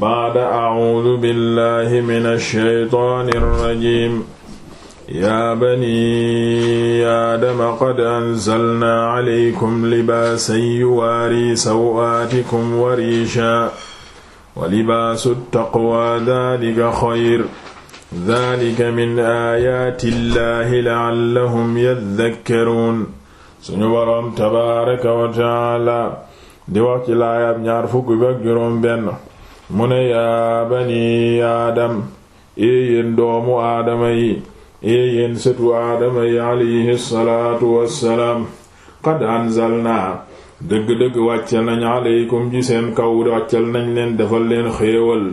baada acuudu billahi min alshaytaani alrajim yaa bani aadama qad anzalnaa calaykum libaasan yuwaarii sawaatikum wa riishaa wa libaasu ttaqwa daalika xayr daalika min aayaati llahi lacallahum yaddakkaruun suñu boroom tabaaraka wa tacaala di wax ci laayaab ñaar fukki ak juróom benn mu ne yaa bani aadam doomu aadama yi ee yéen sëtu aadama yi alayhi salaatu wassalaam qad anzalnaa dëgg-dëgg wàccal nañ aleykum ci seen kaw wàccal nañ leen defal leen xéewal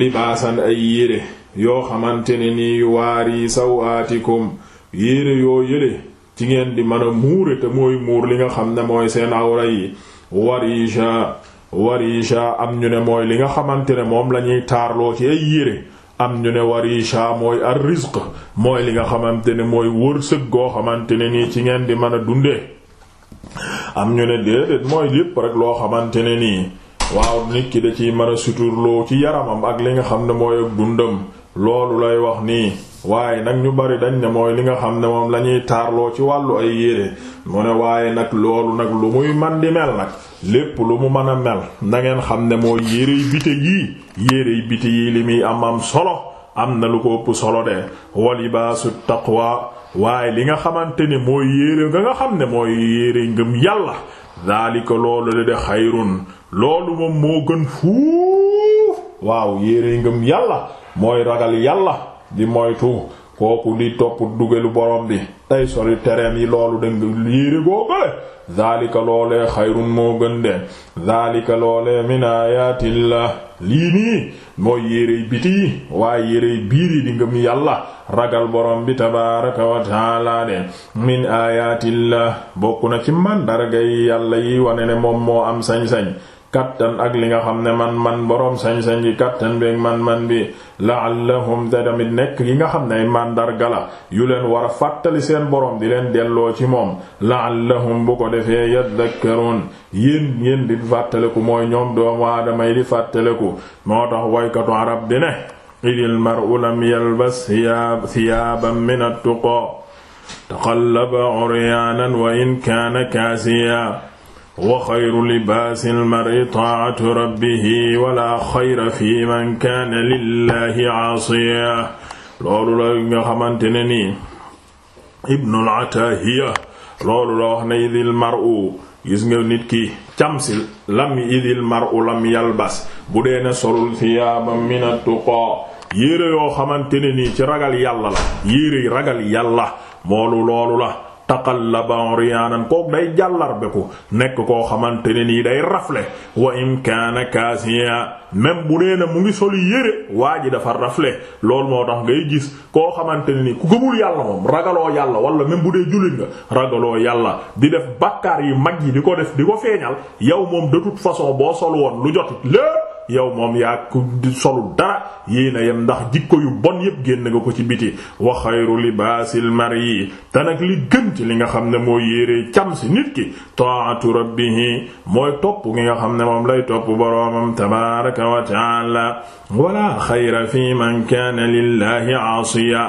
libaasan ay yére yoo xamante ni nii waari sawaatikum yére yoo yële ci ngeen di mën a muure te mooy muur li nga xam ne mooy seen awra yi warisha warisha am ñu ne mooy li nga xamante ne moom la ñuy taarloo ci ay yére am ñu ne warisha mooy ar rizq mooy li nga xamante ne mooy wërsëg goo xamante ne nii ci ngeen di mën a dundee am ñu ne déedéet mooy lépp rek loo xamante ne nii waaw nit ki da ciy mën suturloo ci yaramam ak li nga xam ne mooy ak dundam loolu lay wax nii waaye nag ñu bari dañ ne mooy li nga xam ne moom la ñuy taarloo ci wàllu ay yére mu ne waaye nag loolu nag lu muy man di mel nag lépp lu mu mën a mel na xam ne mooy yérey bite yii yérey bite yii li muy am am solo am na lu ko ëpp solo de wa libaasu taqwa waaye li nga xamante ne mooy yére nga nga xam ne mooy yére ngëm yàlla daalika loolu la de xayrun loolu moom moo gën fuuf waaw yére ngëm yàlla mooy ragal yàlla di moytu kooku di topp dugalu borom bi tey sori tereem yi loolu danga yéere googale daalika loolee xayrun moo gën de daalika loolee min ayaatillah lii nii mooy yérey biti waaye yérey biir yi di ngëm yàlla ragal borom bi tabaaraka wa taala de min ayaatillah bokk na ci màndargay yàlla yi wane ne moom moo am sañ-sañ kattan ak li nga xam ne man-man boroom sañ-sañ gi kattan bi ak man-man bi laallahum te tamit nekk yi nga xam ne ay màndarga la yu leen war a seen boroom di leen delloo ci moom la bu ko defee yadhakkarun yéen yéen di fàttaliku mooy ñoom doomu aadama yi di fàttaliku moo tax waykatu arab bi ne idil mar'u lam yalbas thiyaaban min at-tuqa taqallaba uryaanan wa in kaana kaasiya wa xayru libaasi almari taatu rabbihi wala xayra fi man kaana lillahi aasiya loolu la nga xamante ne nii ibnul ataahiya loolu la wax ne idil mar'u gis nga nit ki camsil lam idil mar'u lam yalbas bu dee ne solul thiyaaba min at-tuqaa yére yoo xamante ne nii ci ragal yàlla la yére ragal yàlla moolu loolu la taqallaba uryanan kook day jàllarbeku nekk koo xamante ne nii day rafle wa in kaana kaasiya même bu nee na mu ngi soli yére waa ji dafa rafle loolu moo tax ngay gis koo xamante ne nii ku gëmul yàlla moom ragaloo yàlla wala même bu dee jullit nga ragaloo yàlla di def bakkaar yi mag yi di ko def di ko feeñal yow moom de toute façon boo sol woon lu jot lépp yow moom yaa ku solul dara yéena yem ndax jikko yu bon yépp génn nga ko ci biti wa xayru libaasil mar'i te nag li gën ci li nga xam ne mooy yére cam si nit ki taatu rabbihi mooy topp gi nga xam ne moom lay topp boroomam tabaaraka wa ta'aala wala xayra fi man kaana lillahi aasiya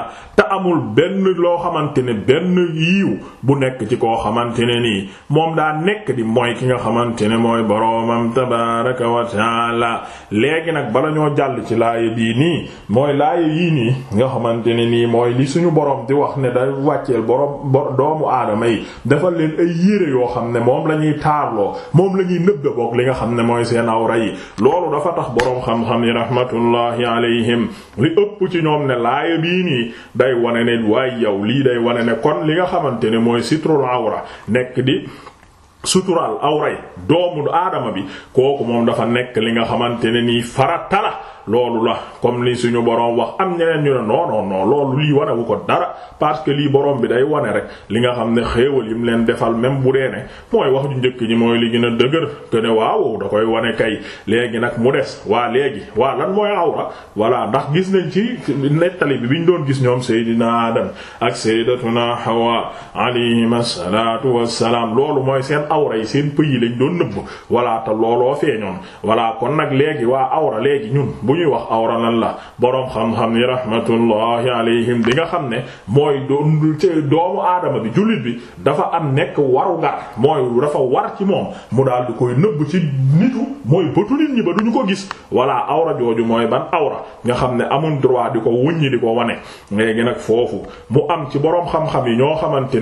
amul benn loo xamante ne benn yiiw bu nekk ci koo xamante ne nii moom daa nekk di mooy ki nga xamante ne mooy boroomam tabaaraka wa taala léegi nag bala ñoo jàll ci laaya bii nii mooy laaya yii nii nga xamante ne nii mooy li suñu boroom di wax ne day wàcceel boroom doomu aadama yi defal leen ay yére yoo xam ne moom la ñuy taarloo moom la ñuy nëbba boog li nga xam ne mooy seen awra yi loolu dafa tax boroom xam-xam yi rahmatullahi alayhim li ëpp ci ñoom ne wane ne waaye yow lii day wane ne kon li nga xamante ne mooy sitrul awra nekk di suturaal awray doomu aadama bi kooku moom dafa nekk li nga xamante ne nii farata loolu la comme li suñu borom wax am ñeneen ñu ne non non loolu lii wane wu ko dara parce que lii borom bi day wane rek li nga xam ne xéewal yi mu leen defal même bu dee ne mooy wax ju njëkk ñi mooy li gën a dëgër te ne waaw da koy wane kay léegi nag mu des waa léegi waa lan mooy awra voilà ndax gis nañ ci nettali bi bi ñu doon gis ñoom Seydina Adam ak Sayyidatuna Hawa xa salaatu wassalaam loolu mooy awra yi seen pëy yi lañ doon nëbb walla te looloo feeñoon walla kon nag léegi waa awra léegi ñun bu ñuy wax awra lan la boroom xam-xam yi rahmatullahi alayhim bi nga xam ne mooy doomu aadama bi jullit bi dafa am nekk waru ngar mooy dafa war ci moom mu daal di koy nëbb ci nitu mooy bëtu nit ñi ba duñu ko gis walla awra jooju mooy ban awra nga xam ne amul droit di ko wuññi di ko wane léegi nag foofu mu am ci boroom xam-xam yi ñoo xamante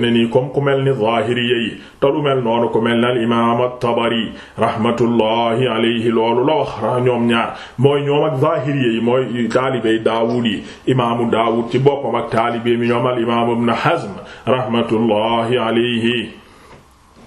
mel na al imaam at-Tabari rahmatullahi alayhi loolu la wax ñoom ñaar mooy ñoom ak zahiri yi mooy taalibey Daawud yi imaamu Daawud ci boppam ak taalibee mi ñoom al imaam ibn Hazm rahmatullahi alayhi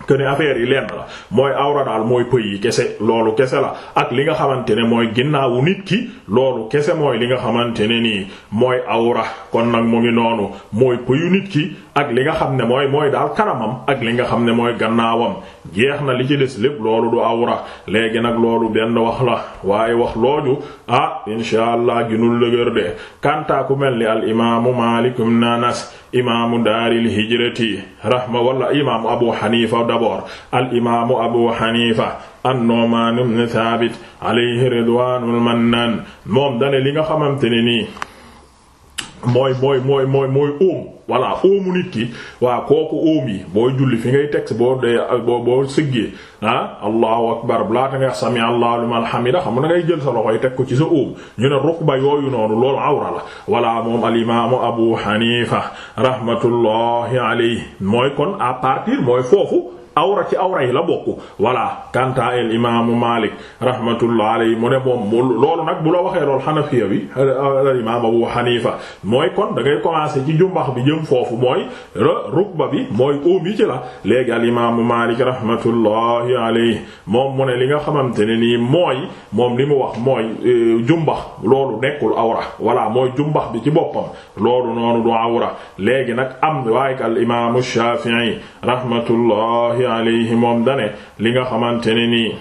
que ne affaire yi lenn la mooy awra daal mooy pëy yi kese loolu kese la ak li nga xamante ne mooy ginnaawu nit ki loolu kese mooy li nga xamante ne nii mooy awra kon nag mu ngi noonu mooy pëyu nit ki ak li nga xam ne mooy mooy daal kanamam ak li nga xam ne mooy gannaawam jeex na li ci des lépp loolu du awra léegi nag loolu benn wax la waaye wax looju ah insha allah ginul lëgër de kanta mel ni al imaamu maalikum nanas imaamu daaril hijrati rahma wala d'abord al imaamu Abu Hanifa an-Nu'man ibn Thabit alayhi ridwanul mannan moom dane li nga xamante ne nii mooy mooy mooy mooy mooy óom voilà óomu nit ki waa kooku óom yi booy julli fi ngay teg boo dee boo boo sëggee ah allahu akbar laata nga sami allahu liman hamida xam na ngay jël sa loxoy teg ko ci sa óom ñu ne rukba yooyu noonu loolu awra la moom al abu hanifa rahmatullahi alayhi mooy kon à partir mooy foofu awra ci awra yi la bokk voilà kanta el imaamu Malik rahmatullah alayhi mu ne moom mu loolu nag bu la waxee loolu xanafiya bi al imaam Abu Hanifa mooy kon da ngay commencer ci jumbax bi jëm foofu mooy rukba bi mooy óom yi ci la léegi al imaamu Malik rahmatullahi alayhi moom mu ne li nga xamante ne nii mooy moom li mu wax mooy e, jumbax loolu nekkul awra voilà mooy jumbax bi ci boppam loolu noonu du awra léegi nag am waaye al imaamu Shafi'i rahmatullahi alayhi moom dane li nga xamante ne nii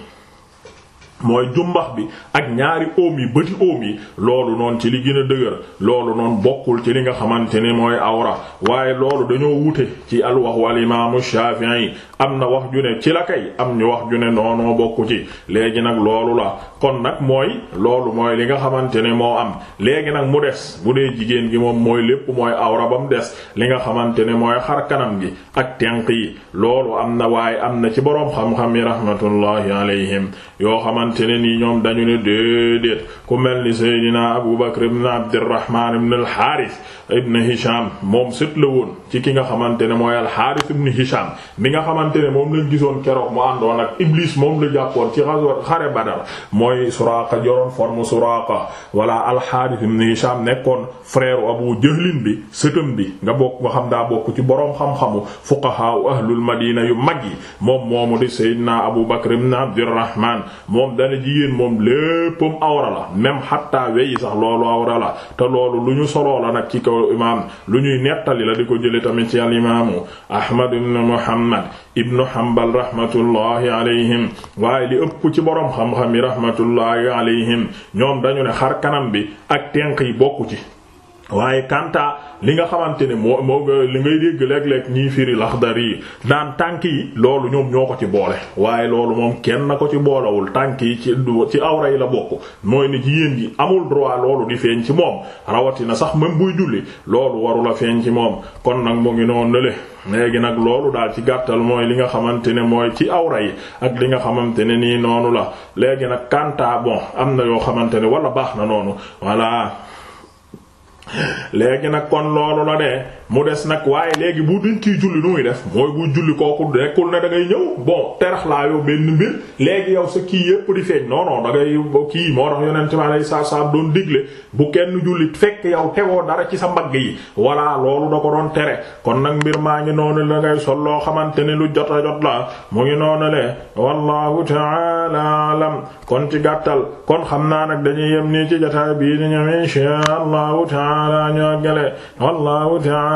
mooy jumbax bi ak ñaari oom yi bëti oom yi loolu noon ci li gën a dëgër loolu noonu bokkul ci li nga xamante ne mooy awra waaye loolu dañoo wute ci al wax wal imaamu Shafi'i am na wax ju ne ci la kay am ñu wax ju ne noonoo bokku ci léegi nag loolu la kon nag mooy loolu mooy li nga xamante ne moo am léegi nag mu des bu dee jigéen gi moom mooy lépp mooy awra ba mu des li nga xamante ne mooy xar kanam gi ak tenq yi loolu am na waaye am na ci boroom xam-xam yi rahmatullahi alayhim yoo xamante ne nii ñoom dañu ne déedéet ku mel ni Seydina Abu Bakr ibn Abdirrahman ibn al ibn Hisham moom sët la woon ci ki nga xamante ne mooy al-Harith ibn Hisham mi nga xamante ne moom lañ gisoon keroog mu àndoon ak Iblis moom la ci xare mooy Suraaqa joroon forme Suraaqa walla al-Haaris ibn Hishaam nekkoon frère Abu Jahlin bi sëtam bi nga bokk nga xam daa bokk ci boroom xam-xamu fuqahaa ahlul Madina yu mag yi moom moomu di Seydina Abu Bakr ibn Abdurrahmaan moom dana jigéen moom léppam awra la même xatta weyi sax loolu awra la te loolu lu ñu soloo la nag ci kaw imaam lu ñuy nettali la di ko jële tamit ci al imaamu Ahmad ibn Muhammad ibn Hanbal rahmatullahi alayhim waaye li ëpp ci boroom xam-xam yi rahmat raxmatullaahi alayhim ñoom dañu ne xar kanam bi ak tenq yi bokku ci waaye kanta li nga xamante ne moo moo li ngay dégg léeg-léeg ñii firi laxdar yi daan tànk yi loolu ñoom ñoo ko ci boole waaye loolu moom kenn na ko ci boolewul tànk yi ci ci awra yi la bokk mooy ni jigéen gi amul droit loolu di feeñ ci moom rawatina sax même buy julli loolu warula feeñ ci moom kon nag mu ngi noonu nale léegi nag loolu daal ci gàttal mooy li nga xamante ne mooy ci awra yi ak li nga xamante ne nii noonu la léegi nag kanta bon am na yoo xamante ne wala baax na noonu léegi nag kon loolu la dee mu des nag waaye léegi bu duñ ciy julli nu muy def mooy bu julli kooku nekkul ne da ngay ñëw boo terax laa yow benn mbir léegi yow sa kii yépp di feeñ non non da kii moo tax yonent mi alayhi salaatu salaam doon digle bu kenn julli fekk yow tegoo dara ci sa mbagg yi voilà loolu da ko doon tere kon nag mbir maa ngi noonu la ngay sol loo xamante ne lu jot a jot la mu ngi noonu le wallahu ta'ala alam kon ci gàttal kon xam naa nag dañuy yem nii ci jotaay bii di ñëw